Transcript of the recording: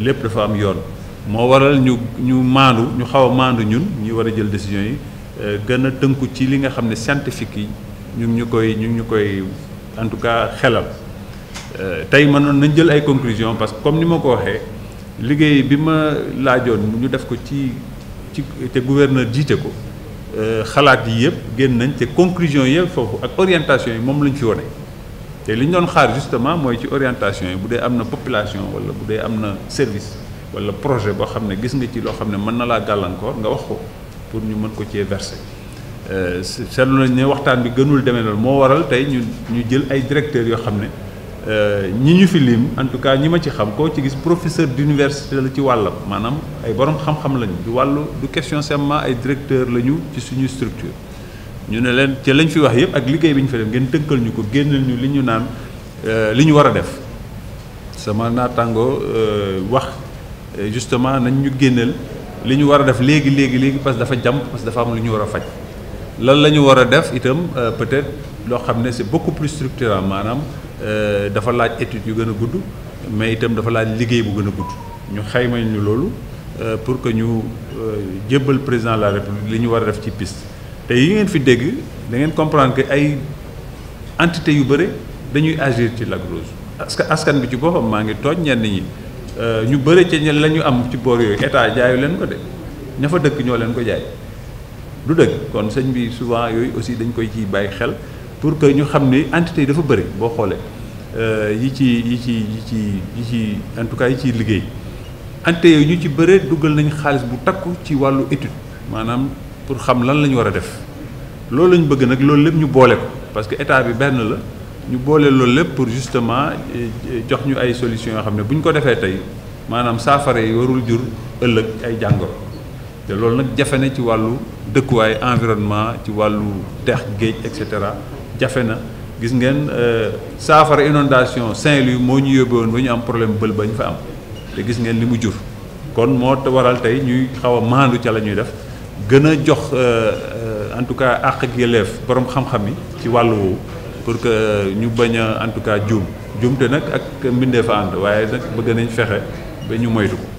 lépp dafa am yoon moo waral ñu ñu maandu ñu xaw a maandu ñun ñi war a jël décision yi euh, gën a tënku ci li nga xam ne scientifique yi ñu ñu koy ñu ñu koy en tout cas xelal euh, tey mënoon nañ jël ay conclusion parce que comme ni ma ko waxee liggéey bi ma laajoon ñu def ko ci ci te gouverneur jiite ko euh, xalaat yi yëpp génn nañ te conclusion yëpp foofu ak orientation yi moom lañ fi wone te li ñu doon xaar justement mooy ci orientation yi bu dee am population wala bu dee am na service wala projet boo xam ne gis nga ci loo xam ne mën na laa gàllankoor nga wax ko pour ñu mën ko cee verser euh, seetlu nañ ne waxtaan bi gënul demee loolu moo waral tey ñu ñu jël ay directeurs yoo xam ne euh, ñi ñu fi en tout cas ñi ma ci xam koo ci gis professeur d'université la ci wàllam maanaam ay borom xam-xam lañu du wàllu du question seulement ay directeurs lañu ci suñu structure ñu ne leen ca lañ fi wax yëpp ak liggéey bi ñu fa def ngeen tënkal ñu ko génnal ñu li ñu naan euh, li ñu war a def sama naataango euh, wax euh, justement nañ ñu génnal li ñu war a def léegi léegi léegi parce que dafa jàmp parce que dafa am lu ñu war a faj lan la ñu war a def itam peut-être loo xam ne c'est beaucoup plus structurant maanaam dafa laaj étude yu gën a gudd mais itam dafa laaj liggéey bu gën a gudd ñu xayma ñu loolu pour que ñu jébbal président de la république li ñu war a def ci piste te yi ngeen fi dégg da ngeen comprendre ay entité yu bëri dañuy agir ci Lac Rose parce que askan bi ci boppam maa ngi tooñ ñeen ñi euh, ñu bëri ca ñe la ñu am ci boor yooyu état jaayu leen ko de ña fa dëkk ñoo leen ko jaay du dëgg kon sëñ bi souvent yooyu aussi dañ koy ciy bàyyi xel pour que ñu xam ni entité yi dafa bëri boo xoolee euh, yi ci yi ci yi ci yi ci en tout cas yi ciy liggéey entité yooyu ñu ci bëre duggal nañ xaalis bu takku ci wàllu étude maanaam pour xam lan la ñu war a def loolu la ñu bëgg nag loolu lépp ñu boole ko parce que état bi benn la ñu boole loolu lépp pour justement eh, eh, jox ñu ay solution yoo xam ne bu ñu ko defee tey maanaam saafara yi warul jur ëllëg ay jàngoro te loolu nag jafe na ci wàllu dëkkuwaay environnement ci wàllu dex géej et cetera jafe na gis ngeen euh, saafara inondation Saint-Louis moo ñu yóbbe woon ba ñu am problème bël ba ñu fa am te gis ngeen li mu jur kon moo waral tey ñuy xaw a maandu ca la ñuy def gën a jox euh, euh, en tout cas àq ak yelleef borom xam-xam yi ci wàllu woowu pour que euh, ñu bañ a en tout cas juum juumte nag ak mbindee fa ànd waaye nag bëgg nañ fexe ba ñu moytu ko.